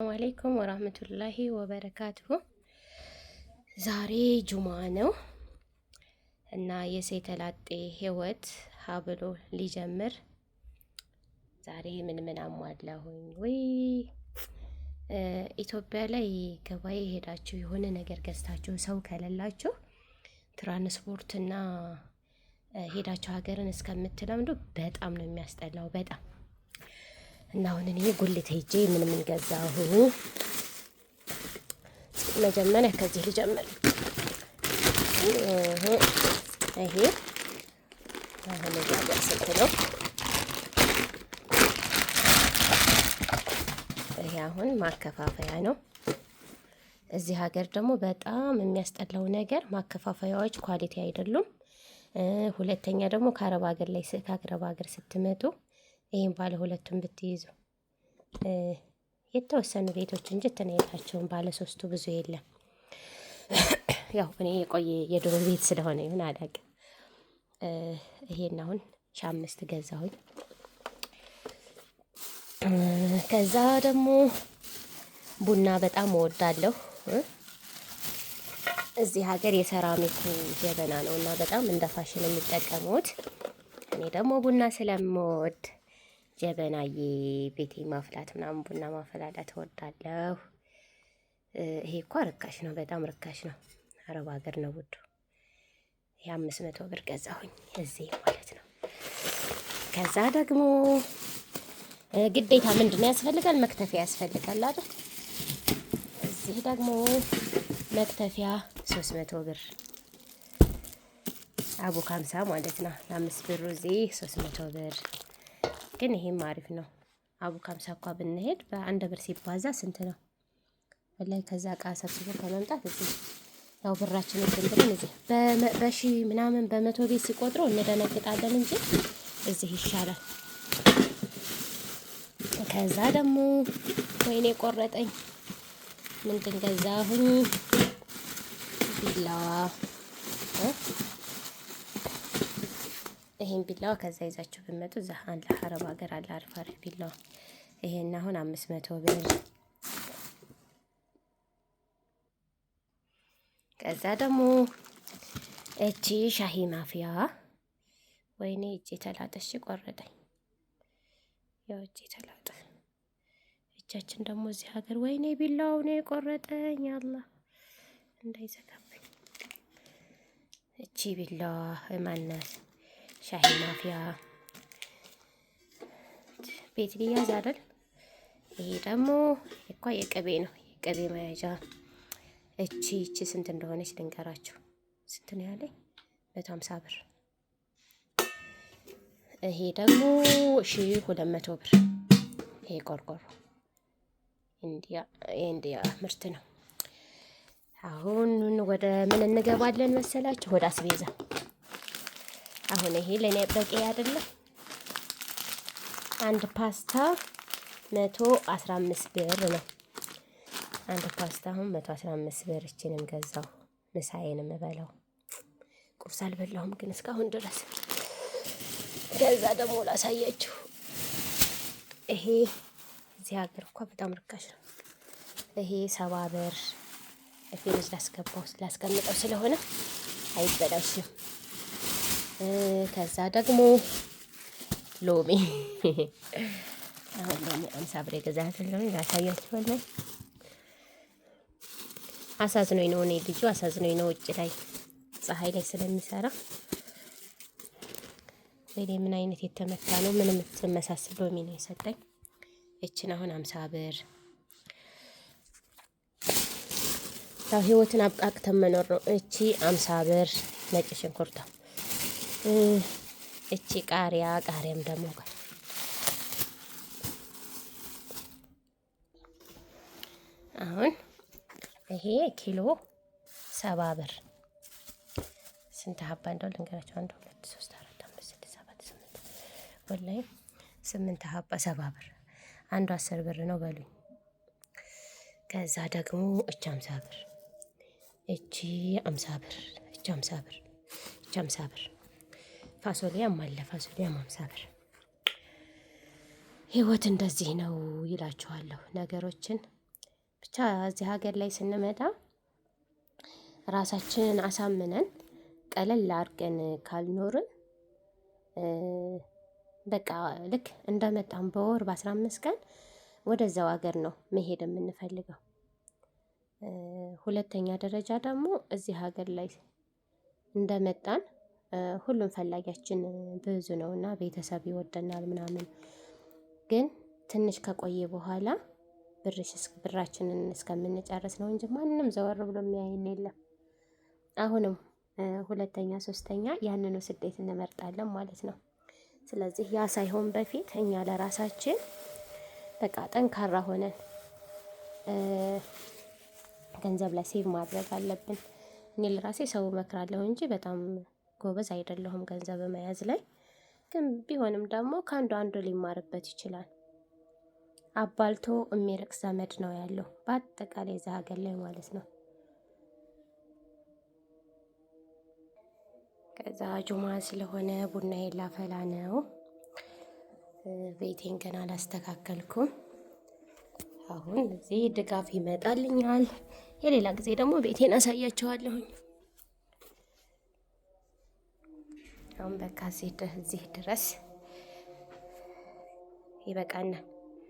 ሰላም አለይኩም ወራህመቱላሂ ወበረካቱሁ። ዛሬ ጁማ ነው እና የሴተላጤ ህይወት ሀብሎ ሊጀምር ዛሬ ምን ምን አሟላሁኝ ወይ? ኢትዮጵያ ላይ ገበያ ሄዳችሁ የሆነ ነገር ገዝታችሁ ሰው ከሌላችሁ ትራንስፖርትና ሄዳችሁ ሀገርን እስከምትለምዱ በጣም ነው የሚያስጠላው በጣም እና አሁን እኔ ጉልት ሄጄ ምን ምን ገዛሁ? መጀመሪያ ከዚህ ልጀምር። ይሄ አሁን ጋር ስንት ነው? ይሄ አሁን ማከፋፈያ ነው። እዚህ ሀገር ደግሞ በጣም የሚያስጠላው ነገር ማከፋፈያዎች ኳሊቲ አይደሉም። ሁለተኛ ደግሞ ከአረብ ሀገር ላይ ከአረብ ሀገር ስትመጡ ይህም ባለ ሁለቱን ብትይዙ የተወሰኑ ቤቶች እንጂ እንትን የላቸውም። ባለ ሶስቱ ብዙ የለም። ያው እኔ የቆየ የድሮ ቤት ስለሆነ ይሁን አላውቅም። ይሄን አሁን አምስት ገዛሁኝ። ከዛ ደግሞ ቡና በጣም እወዳለሁ። እዚህ ሀገር የሰራሚኩ ጀበና ነው እና በጣም እንደ ፋሽን የሚጠቀሙት። እኔ ደግሞ ቡና ስለምወድ ጀበናዬ ቤቴ ማፍላት ምናምን ቡና ማፈላላት እወዳለሁ። ይሄ እኳ ርካሽ ነው፣ በጣም ርካሽ ነው። አረብ ሀገር ነው ውዱ። ይሄ አምስት መቶ ብር ገዛሁኝ እዚህ ማለት ነው። ከዛ ደግሞ ግዴታ ምንድን ነው ያስፈልጋል? መክተፊያ ያስፈልጋል አይደል? እዚህ ደግሞ መክተፊያ ሶስት መቶ ብር አቡ ካምሳ ማለት ነው። ለአምስት ብሩ እዚህ ሶስት መቶ ብር ግን ይሄም አሪፍ ነው። አቡ ካምሳ እንኳ ብንሄድ በአንድ ብር ሲባዛ ስንት ነው? ወላይ ከዛ እቃ ሰብስቦ ከመምጣት እዚህ ያው ብራችን ብለን እዚህ በሺ ምናምን በመቶ ቤት ሲቆጥሩ እንደነግጣለን እንጂ እዚህ ይሻላል። ከዛ ደግሞ ወይኔ ቆረጠኝ። ምንድን ገዛሁኝ? ቢላዋ ይሄን ቢላዋ ከዛ ይዛችሁ ብትመጡ እዛ አንድ አረብ ሀገር አለ አሪፍ አሪፍ ቢላዋ። ይሄን አሁን አምስት መቶ ብር። ከዛ ደግሞ እቺ ሻሂ ማፊያ ወይኔ እጄ ተላጠሽ ቆረጠኝ። ያው እጄ ተላጠ። እጃችን ደግሞ እዚህ ሀገር ወይኔ ቢላው ነው የቆረጠኝ። አላ እንዳይዘጋብኝ። እቺ ቢላዋ ማናት? ሻሂ ማፊያ ቤት ሊያዝ አይደል? ይሄ ደግሞ እኳ የቅቤ ነው፣ የቅቤ መያዣ። እቺ እቺ ስንት እንደሆነች ልንገራችሁ። ስንት ነው ያለኝ? መቶ ሀምሳ ብር። ይሄ ደግሞ ሺ ሁለት መቶ ብር። ይሄ ቆርቆሮ ኢንዲያ ምርት ነው። አሁን ወደ ምን እንገባለን መሰላችሁ? ወደ አስቤዛ አሁን ይሄ ለእኔ በቂ አይደለም። አንድ ፓስታ 115 ብር ነው። አንድ ፓስታ አሁን 115 ብር እችንም ገዛሁ። ምሳዬንም እበላው። ቁርስ አልበላሁም ግን እስካሁን ድረስ። ከዛ ደግሞ ላሳያችሁ። ይሄ እዚህ ሀገር እኳ በጣም ርካሽ ነው። ይሄ ሰባ ብር ፍሪጅ ላስገባው ላስቀምጠው ስለሆነ አይበላሽም። ከዛ ደግሞ ሎሚ አሁን ደግሞ አምሳ ብር የገዛሁትን ሎሚ ላሳያችሁ። ወላሂ አሳዝኖኝ ነው እኔ ልጁ አሳዝኖኝ ነው ውጭ ላይ ፀሐይ ላይ ስለሚሰራ ወይኔ ምን አይነት የተመታ ነው። ምንም የምትመሳስል ሎሚ ነው የሰጠኝ። እችን አሁን አምሳ ብር ያው ህይወትን አብቃቅተን መኖር ነው። እቺ አምሳ ብር ነጭ ሽንኩርቷ እቺ ቃሪያ ቃሪያም ደግሞ አሁን ይሄ ኪሎ ሰባ ብር ስንት ሀባ እንደው ልንገራቸው። አንድ ሁለት ሶስት አራት አምስት ስድስት ሰባት ስምንት ወላይ ስምንት ሀባ ሰባ ብር አንዱ አስር ብር ነው በሉኝ። ከዛ ደግሞ እቺ አምሳ ብር እቺ አምሳ ብር እቺ አምሳ ብር እቺ አምሳ ብር ፋሶሊያም አለ። ፋሶሊያ አምሳ ህይወት እንደዚህ ነው ይላችኋለሁ። ነገሮችን ብቻ እዚህ ሀገር ላይ ስንመጣ ራሳችንን አሳምነን ቀለል አድርገን ካልኖርን በቃ ልክ እንደመጣም በወር በአስራ አምስት ቀን ወደዛው ሀገር ነው መሄድ የምንፈልገው። ሁለተኛ ደረጃ ደግሞ እዚህ ሀገር ላይ እንደመጣን ሁሉም ፈላጊያችን ብዙ ነው እና ቤተሰብ ይወደናል ምናምን። ግን ትንሽ ከቆየ በኋላ ብርሽ ብራችንን እስከምንጨርስ ነው እንጂ ማንም ዘወር ብሎ የሚያይን የለም። አሁንም ሁለተኛ ሶስተኛ ያንኑ ስዴት እንመርጣለን ማለት ነው። ስለዚህ ያ ሳይሆን በፊት እኛ ለራሳችን በቃ ጠንካራ ሆነን ገንዘብ ላይ ሴቭ ማድረግ አለብን። እኔ ለራሴ ሰው እመክራለሁ እንጂ በጣም ጎበዝ አይደለሁም ገንዘብ መያዝ ላይ። ግን ቢሆንም ደግሞ ከአንዱ አንዱ ሊማርበት ይችላል። አባልቶ የሚርቅ ዘመድ ነው ያለው በአጠቃላይ እዛ ሀገር ላይ ማለት ነው። ከዛ ጁማ ስለሆነ ቡና የላፈላ ነው። ቤቴን ገና አላስተካከልኩም። አሁን እዚህ ድጋፍ ይመጣልኛል። የሌላ ጊዜ ደግሞ ቤቴን አሳያቸዋለሁኝ። ለማንኛውም በቃ እዚህ ድረስ ይበቃና